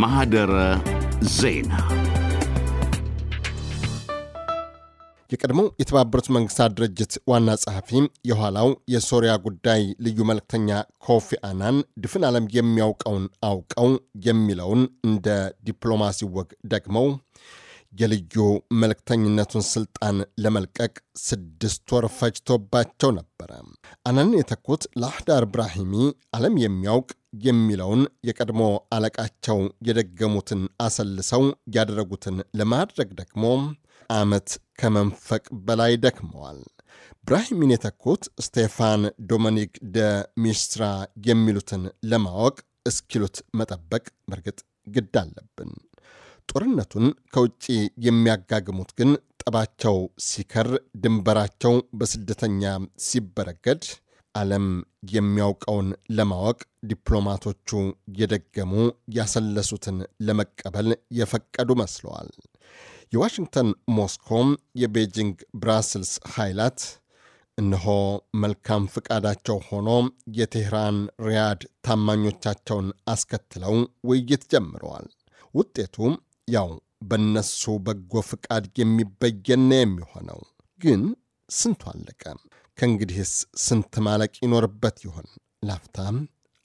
ማህደረ ዜና የቀድሞው የተባበሩት መንግስታት ድርጅት ዋና ጸሐፊ የኋላው የሶሪያ ጉዳይ ልዩ መልእክተኛ ኮፊ አናን ድፍን ዓለም የሚያውቀውን አውቀው የሚለውን እንደ ዲፕሎማሲ ወግ ደግመው የልዩ መልእክተኝነቱን ስልጣን ለመልቀቅ ስድስት ወር ፈጅቶባቸው ነበረ። አነን የተኩት ለአህዳር ብራሂሚ ዓለም የሚያውቅ የሚለውን የቀድሞ አለቃቸው የደገሙትን አሰልሰው ያደረጉትን ለማድረግ ደግሞ ዓመት ከመንፈቅ በላይ ደክመዋል። ብራሂሚን የተኩት ስቴፋን ዶሚኒክ ደ ሚስትራ የሚሉትን ለማወቅ እስኪሉት መጠበቅ በርግጥ ግድ አለብን። ጦርነቱን ከውጭ የሚያጋግሙት ግን ጠባቸው ሲከር፣ ድንበራቸው በስደተኛ ሲበረገድ ዓለም የሚያውቀውን ለማወቅ ዲፕሎማቶቹ የደገሙ ያሰለሱትን ለመቀበል የፈቀዱ መስለዋል። የዋሽንግተን ሞስኮም፣ የቤጂንግ ብራስልስ ኃይላት እነሆ መልካም ፍቃዳቸው ሆኖ የቴህራን ሪያድ ታማኞቻቸውን አስከትለው ውይይት ጀምረዋል። ውጤቱ ያው በነሱ በጎ ፍቃድ የሚበየነ የሚሆነው ግን ስንቱ አለቀ? ከእንግዲህስ ስንት ማለቅ ይኖርበት ይሆን? ላፍታም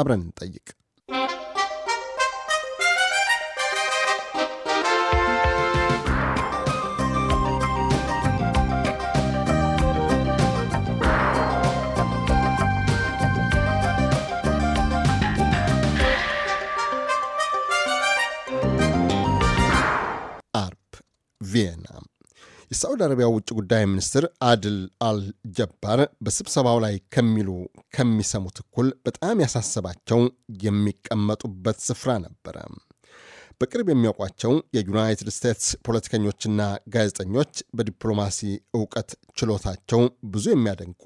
አብረን እንጠይቅ። ቪየና። የሳዑዲ አረቢያ ውጭ ጉዳይ ሚኒስትር አድል አልጀባር በስብሰባው ላይ ከሚሉ ከሚሰሙት እኩል በጣም ያሳሰባቸው የሚቀመጡበት ስፍራ ነበረ። በቅርብ የሚያውቋቸው የዩናይትድ ስቴትስ ፖለቲከኞችና ጋዜጠኞች በዲፕሎማሲ እውቀት ችሎታቸው ብዙ የሚያደንቁ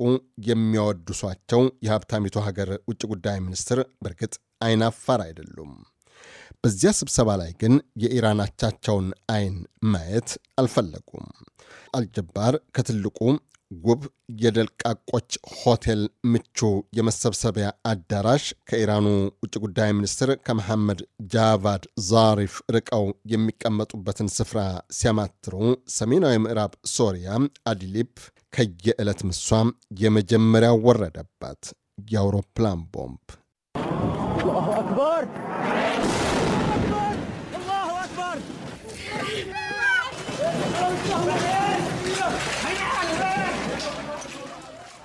የሚያወድሷቸው የሀብታሚቱ ሀገር ውጭ ጉዳይ ሚኒስትር በእርግጥ አይናፋር አይደሉም። በዚያ ስብሰባ ላይ ግን የኢራን አቻቸውን አይን ማየት አልፈለጉም። አልጀባር ከትልቁ ውብ የደልቃቆች ሆቴል ምቹ የመሰብሰቢያ አዳራሽ ከኢራኑ ውጭ ጉዳይ ሚኒስትር ከመሐመድ ጃቫድ ዛሪፍ ርቀው የሚቀመጡበትን ስፍራ ሲያማትሩ ሰሜናዊ ምዕራብ ሶሪያ አዲሊፕ ከየዕለት ምሷ የመጀመሪያው ወረደባት የአውሮፕላን ቦምብ። አላሁ አክበር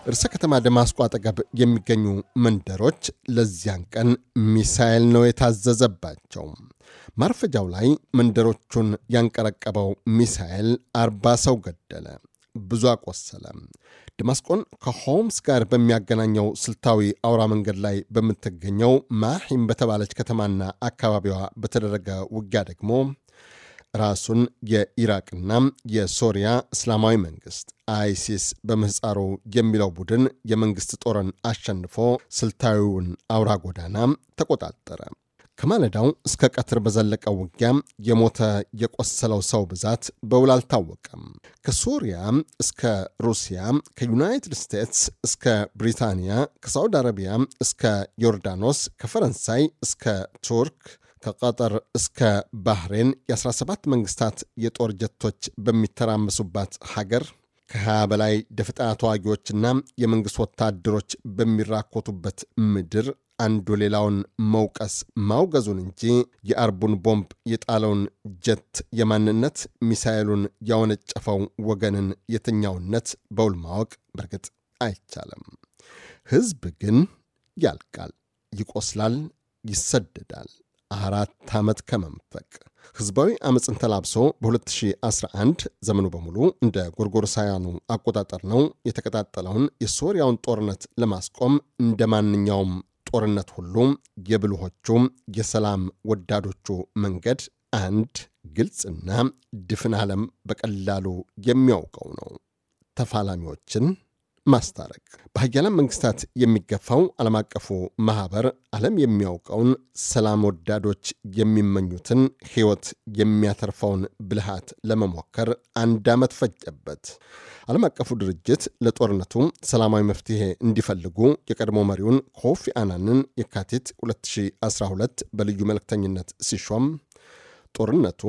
እርሰ ከተማ ደማስቆ አጠገብ የሚገኙ መንደሮች ለዚያን ቀን ሚሳኤል ነው የታዘዘባቸው። ማርፈጃው ላይ መንደሮቹን ያንቀረቀበው ሚሳኤል አርባ ሰው ገደለ፣ ብዙ አቆሰለ። ደማስቆን ከሆምስ ጋር በሚያገናኘው ስልታዊ አውራ መንገድ ላይ በምትገኘው ማሂም በተባለች ከተማና አካባቢዋ በተደረገ ውጊያ ደግሞ ራሱን የኢራቅና የሶሪያ እስላማዊ መንግስት አይሲስ በምህፃሩ የሚለው ቡድን የመንግስት ጦርን አሸንፎ ስልታዊውን አውራ ጎዳና ተቆጣጠረ። ከማለዳው እስከ ቀትር በዘለቀው ውጊያ የሞተ የቆሰለው ሰው ብዛት በውል አልታወቀም። ከሶሪያ እስከ ሩሲያ፣ ከዩናይትድ ስቴትስ እስከ ብሪታንያ፣ ከሳውዲ አረቢያ እስከ ዮርዳኖስ፣ ከፈረንሳይ እስከ ቱርክ ከቀጠር እስከ ባህሬን የ17 መንግስታት የጦር ጀቶች በሚተራመሱባት ሀገር ከ20 በላይ ደፍጣ ተዋጊዎችና የመንግሥት ወታደሮች በሚራኮቱበት ምድር አንዱ ሌላውን መውቀስ ማውገዙን እንጂ የአርቡን ቦምብ የጣለውን ጀት የማንነት ሚሳኤሉን ያወነጨፈው ወገንን የትኛውነት በውል ማወቅ በርግጥ አይቻለም። ሕዝብ ግን ያልቃል፣ ይቆስላል፣ ይሰደዳል፣ አራት ዓመት ከመምፈቅ ህዝባዊ ዓመፅን ተላብሶ በ2011 ዘመኑ በሙሉ እንደ ጎርጎርሳውያኑ አቆጣጠር ነው የተቀጣጠለውን የሶሪያውን ጦርነት ለማስቆም እንደ ማንኛውም ጦርነት ሁሉ የብልሆቹ የሰላም ወዳዶቹ መንገድ አንድ ግልጽና ድፍን ዓለም በቀላሉ የሚያውቀው ነው። ተፋላሚዎችን ማስታረቅ በሀያላን መንግስታት የሚገፋው ዓለም አቀፉ ማኅበር ዓለም የሚያውቀውን ሰላም ወዳዶች የሚመኙትን ሕይወት የሚያተርፈውን ብልሃት ለመሞከር አንድ ዓመት ፈጀበት። ዓለም አቀፉ ድርጅት ለጦርነቱ ሰላማዊ መፍትሔ እንዲፈልጉ የቀድሞ መሪውን ኮፊ አናንን የካቲት 2012 በልዩ መልእክተኝነት ሲሾም ጦርነቱ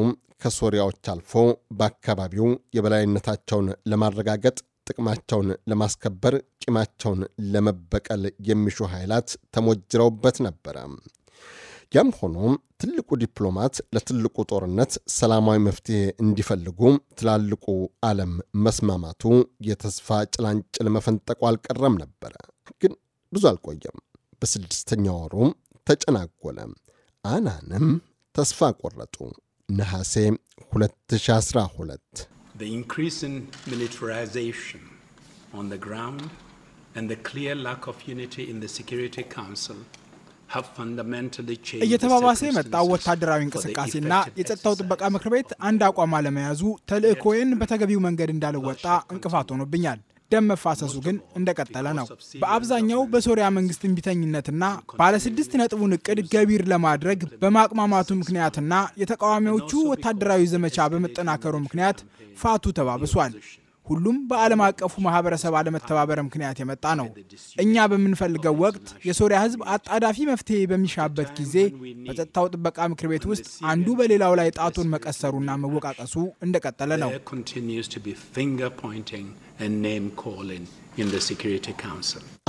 ከሶሪያዎች አልፎ በአካባቢው የበላይነታቸውን ለማረጋገጥ ጥቅማቸውን ለማስከበር ቂማቸውን ለመበቀል የሚሹ ኃይላት ተሞጅረውበት ነበረ። ያም ሆኖ ትልቁ ዲፕሎማት ለትልቁ ጦርነት ሰላማዊ መፍትሄ እንዲፈልጉ ትላልቁ ዓለም መስማማቱ የተስፋ ጭላንጭል መፈንጠቁ አልቀረም ነበረ። ግን ብዙ አልቆየም። በስድስተኛ ወሩ ተጨናጎለ። አናንም ተስፋ ቆረጡ። ነሐሴ 2012 the increase in militarization on the ground and the clear lack of unity in the Security Council እየተባባሰ የመጣው ወታደራዊ እንቅስቃሴና የጸጥታው ጥበቃ ምክር ቤት አንድ አቋም አለመያዙ ተልእኮዬን በተገቢው መንገድ እንዳልወጣ እንቅፋት ሆኖብኛል። ደም መፋሰሱ ግን እንደቀጠለ ነው። በአብዛኛው በሶሪያ መንግስት እንቢተኝነትና ባለስድስት ነጥቡን እቅድ ገቢር ለማድረግ በማቅማማቱ ምክንያትና የተቃዋሚዎቹ ወታደራዊ ዘመቻ በመጠናከሩ ምክንያት ፋቱ ተባብሷል። ሁሉም በዓለም አቀፉ ማህበረሰብ አለመተባበር ምክንያት የመጣ ነው። እኛ በምንፈልገው ወቅት የሶሪያ ህዝብ አጣዳፊ መፍትሄ በሚሻበት ጊዜ በጸጥታው ጥበቃ ምክር ቤት ውስጥ አንዱ በሌላው ላይ ጣቱን መቀሰሩና መወቃቀሱ እንደቀጠለ ነው።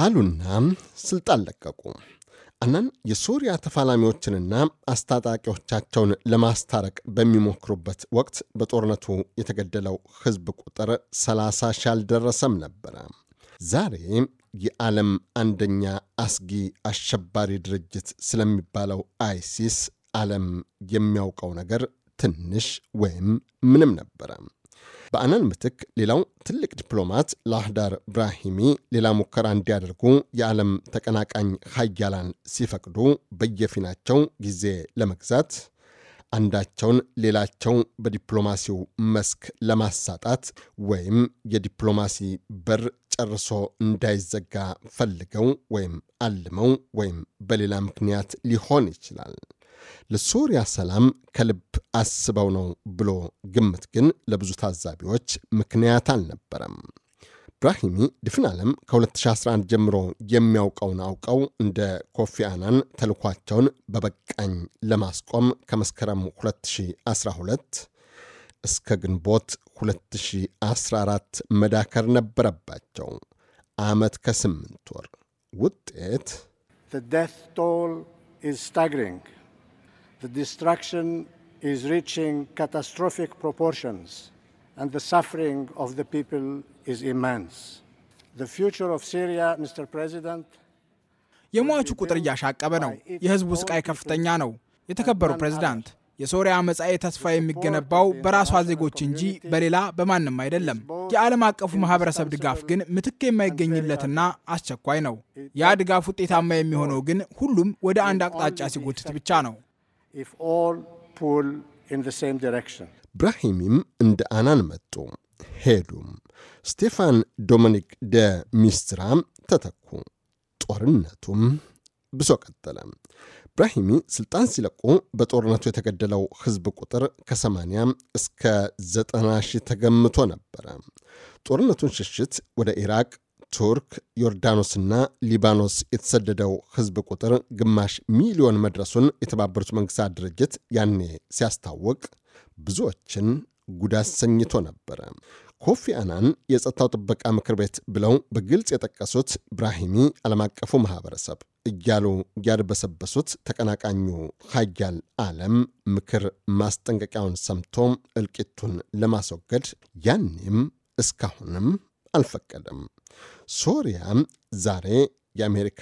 አሉናም ስልጣን ለቀቁ። ሐናን የሱሪያ ተፋላሚዎችንና አስታጣቂዎቻቸውን ለማስታረቅ በሚሞክሩበት ወቅት በጦርነቱ የተገደለው ህዝብ ቁጥር 30 ሺ አልደረሰም ነበረ። ዛሬ የዓለም አንደኛ አስጊ አሸባሪ ድርጅት ስለሚባለው አይሲስ ዓለም የሚያውቀው ነገር ትንሽ ወይም ምንም ነበረ። በአነን ምትክ ሌላው ትልቅ ዲፕሎማት ላህዳር ብራሂሚ ሌላ ሙከራ እንዲያደርጉ የዓለም ተቀናቃኝ ሀያላን ሲፈቅዱ በየፊናቸው ጊዜ ለመግዛት አንዳቸውን ሌላቸው በዲፕሎማሲው መስክ ለማሳጣት ወይም የዲፕሎማሲ በር ጨርሶ እንዳይዘጋ ፈልገው ወይም አልመው ወይም በሌላ ምክንያት ሊሆን ይችላል። ለሶሪያ ሰላም ከልብ አስበው ነው ብሎ ግምት ግን ለብዙ ታዛቢዎች ምክንያት አልነበረም። ብራሂሚ ድፍን ዓለም ከ2011 ጀምሮ የሚያውቀውን አውቀው እንደ ኮፊ አናን ተልኳቸውን በበቃኝ ለማስቆም ከመስከረም 2012 እስከ ግንቦት 2014 መዳከር ነበረባቸው። አመት ከስምንት ወር ውጤት The destruction is reaching catastrophic proportions, and the suffering of the people is immense. The future of Syria, Mr. President, የሟቹ ቁጥር እያሻቀበ ነው። የህዝቡ ስቃይ ከፍተኛ ነው። የተከበሩ ፕሬዝዳንት፣ የሶሪያ መጻኤ ተስፋ የሚገነባው በራሷ ዜጎች እንጂ በሌላ በማንም አይደለም። የዓለም አቀፉ ማህበረሰብ ድጋፍ ግን ምትክ የማይገኝለትና አስቸኳይ ነው። ያ ድጋፍ ውጤታማ የሚሆነው ግን ሁሉም ወደ አንድ አቅጣጫ ሲጎትት ብቻ ነው። if ብራሂምም እንደ አናን መጡ ሄዱም። ስቴፋን ዶሚኒክ ደ ሚስትራ ተተኩ። ጦርነቱም ብሶ ቀጠለ። ብራሂሚ ስልጣን ሲለቁ በጦርነቱ የተገደለው ህዝብ ቁጥር ከ80 እስከ 90 ሺህ ተገምቶ ነበረ። ጦርነቱን ሽሽት ወደ ኢራቅ ቱርክ፣ ዮርዳኖስና ሊባኖስ የተሰደደው ሕዝብ ቁጥር ግማሽ ሚሊዮን መድረሱን የተባበሩት መንግሥታት ድርጅት ያኔ ሲያስታውቅ ብዙዎችን ጉዳት ሰኝቶ ነበረ። ኮፊ አናን የጸጥታው ጥበቃ ምክር ቤት ብለው በግልጽ የጠቀሱት ብራሂሚ ዓለም አቀፉ ማኅበረሰብ እያሉ ያድበሰበሱት ተቀናቃኙ ሀያል ዓለም ምክር ማስጠንቀቂያውን ሰምቶ እልቂቱን ለማስወገድ ያኔም እስካሁንም አልፈቀደም። ሶሪያ ዛሬ የአሜሪካ፣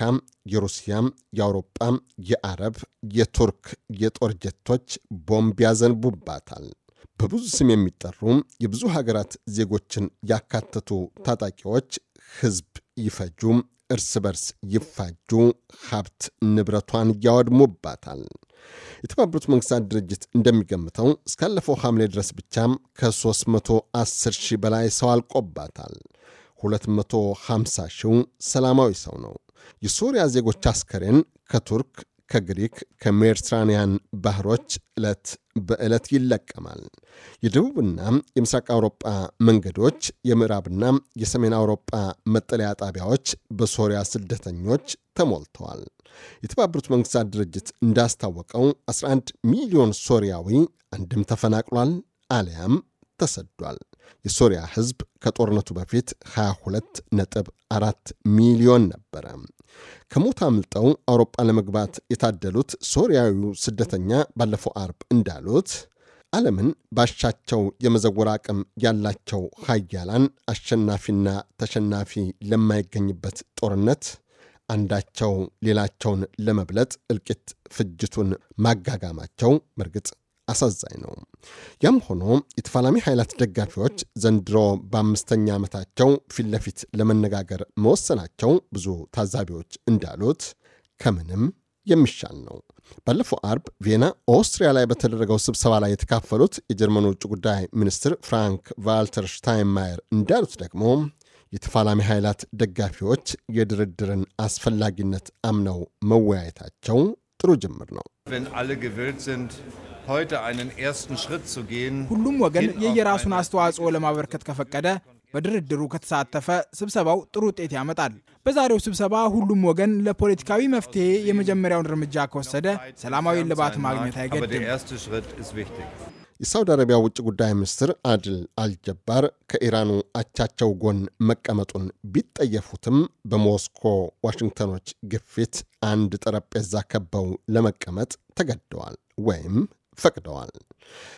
የሩሲያ፣ የአውሮጳ፣ የአረብ፣ የቱርክ የጦር ጀቶች ቦምብ ያዘንቡባታል። በብዙ ስም የሚጠሩ የብዙ ሀገራት ዜጎችን ያካተቱ ታጣቂዎች ሕዝብ ይፈጁ፣ እርስ በርስ ይፋጁ፣ ሀብት ንብረቷን ያወድሙባታል። የተባበሩት መንግስታት ድርጅት እንደሚገምተው እስካለፈው ሐምሌ ድረስ ብቻ ከ310 ሺህ በላይ ሰው አልቆባታል። 250 ሺው ሰላማዊ ሰው ነው። የሶሪያ ዜጎች አስከሬን ከቱርክ፣ ከግሪክ፣ ከሜዲትራንያን ባህሮች ዕለት በዕለት ይለቀማል። የደቡብና የምስራቅ አውሮጳ መንገዶች፣ የምዕራብና የሰሜን አውሮጳ መጠለያ ጣቢያዎች በሶሪያ ስደተኞች ተሞልተዋል። የተባበሩት መንግሥታት ድርጅት እንዳስታወቀው 11 ሚሊዮን ሶሪያዊ አንድም ተፈናቅሏል አሊያም ተሰዷል። የሶሪያ ህዝብ ከጦርነቱ በፊት 22 ነጥብ 4 ሚሊዮን ነበረ። ከሞት አምልጠው አውሮፓ ለመግባት የታደሉት ሶሪያዊ ስደተኛ ባለፈው አርብ እንዳሉት ዓለምን ባሻቸው የመዘወር አቅም ያላቸው ሀያላን አሸናፊና ተሸናፊ ለማይገኝበት ጦርነት አንዳቸው ሌላቸውን ለመብለጥ እልቂት ፍጅቱን ማጋጋማቸው በርግጥ አሳዛኝ ነው። ያም ሆኖ የተፋላሚ ኃይላት ደጋፊዎች ዘንድሮ በአምስተኛ ዓመታቸው ፊት ለፊት ለመነጋገር መወሰናቸው ብዙ ታዛቢዎች እንዳሉት ከምንም የሚሻል ነው። ባለፈው አርብ ቪየና ኦስትሪያ ላይ በተደረገው ስብሰባ ላይ የተካፈሉት የጀርመኑ ውጭ ጉዳይ ሚኒስትር ፍራንክ ቫልተር ሽታይንማየር እንዳሉት ደግሞ የተፋላሚ ኃይላት ደጋፊዎች የድርድርን አስፈላጊነት አምነው መወያየታቸው ጥሩ ጅምር ነው። ሁሉም ወገን የየራሱን አስተዋጽኦ ለማበርከት ከፈቀደ በድርድሩ ከተሳተፈ ስብሰባው ጥሩ ውጤት ያመጣል። በዛሬው ስብሰባ ሁሉም ወገን ለፖለቲካዊ መፍትሄ የመጀመሪያውን እርምጃ ከወሰደ ሰላማዊ ልባት ማግኘት አይገድም። የሳውዲ አረቢያ ውጭ ጉዳይ ሚኒስትር አድል አልጀባር ከኢራኑ አቻቸው ጎን መቀመጡን ቢጠየፉትም በሞስኮ ዋሽንግተኖች ግፊት አንድ ጠረጴዛ ከበው ለመቀመጥ ተገደዋል ወይም ፈቅደዋል።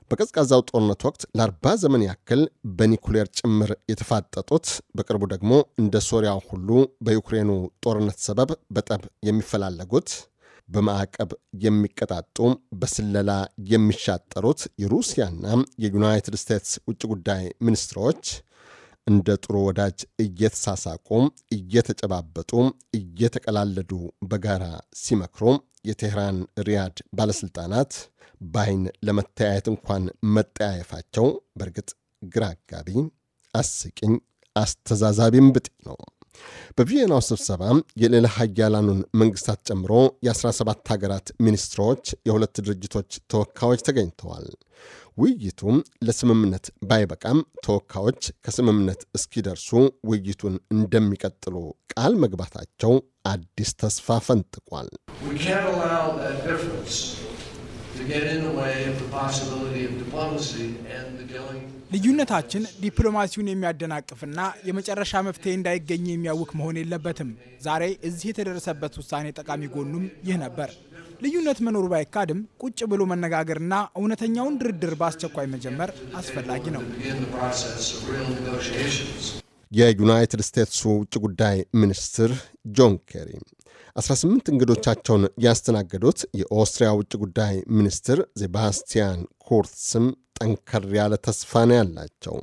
በቀዝቃዛው ጦርነት ወቅት ለአርባ ዘመን ያክል በኒኩሌር ጭምር የተፋጠጡት በቅርቡ ደግሞ እንደ ሶሪያ ሁሉ በዩክሬኑ ጦርነት ሰበብ በጠብ የሚፈላለጉት በማዕቀብ የሚቀጣጡ በስለላ የሚሻጠሩት የሩሲያና የዩናይትድ ስቴትስ ውጭ ጉዳይ ሚኒስትሮች እንደ ጥሩ ወዳጅ እየተሳሳቁ፣ እየተጨባበጡ፣ እየተቀላለዱ በጋራ ሲመክሩ የቴህራን ሪያድ ባለሥልጣናት በአይን ለመተያየት እንኳን መጠያየፋቸው በእርግጥ ግራጋቢ፣ አስቂኝ፣ አስተዛዛቢም ብጤ ነው። በቪየናው ስብሰባ የሌላ ሀያላኑን መንግስታት ጨምሮ የ17 ሀገራት ሚኒስትሮች፣ የሁለት ድርጅቶች ተወካዮች ተገኝተዋል። ውይይቱ ለስምምነት ባይበቃም ተወካዮች ከስምምነት እስኪደርሱ ውይይቱን እንደሚቀጥሉ ቃል መግባታቸው አዲስ ተስፋ ፈንጥቋል። ልዩነታችን ዲፕሎማሲውን የሚያደናቅፍና የመጨረሻ መፍትሄ እንዳይገኝ የሚያውክ መሆን የለበትም። ዛሬ እዚህ የተደረሰበት ውሳኔ ጠቃሚ ጎኑም ይህ ነበር። ልዩነት መኖሩ ባይካድም ቁጭ ብሎ መነጋገርና እውነተኛውን ድርድር በአስቸኳይ መጀመር አስፈላጊ ነው። የዩናይትድ ስቴትሱ ውጭ ጉዳይ ሚኒስትር ጆን ኬሪ 18 እንግዶቻቸውን ያስተናገዱት የኦስትሪያ ውጭ ጉዳይ ሚኒስትር ሴባስቲያን ኩርትስም ጠንከር ያለ ተስፋ ነው ያላቸው።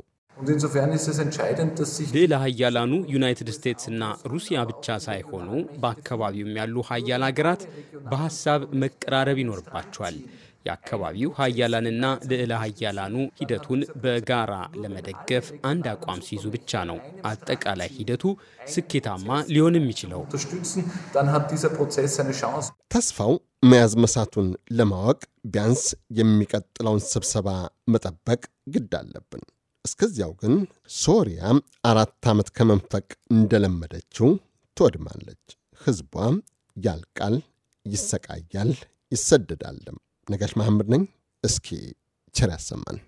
ሌላ ሀያላኑ ዩናይትድ ስቴትስና ሩሲያ ብቻ ሳይሆኑ በአካባቢውም ያሉ ሀያል ሀገራት በሀሳብ መቀራረብ ይኖርባቸዋል። የአካባቢው ሀያላንና ልዕለ ሀያላኑ ሂደቱን በጋራ ለመደገፍ አንድ አቋም ሲይዙ ብቻ ነው አጠቃላይ ሂደቱ ስኬታማ ሊሆን የሚችለው። ተስፋው መያዝ መሳቱን ለማወቅ ቢያንስ የሚቀጥለውን ስብሰባ መጠበቅ ግድ አለብን። እስከዚያው ግን ሶሪያ አራት ዓመት ከመንፈቅ እንደለመደችው ትወድማለች። ህዝቧ ያልቃል፣ ይሰቃያል፣ ይሰደዳልም። ነጋሽ መሐመድ ነኝ። እስኪ ቸር ያሰማን።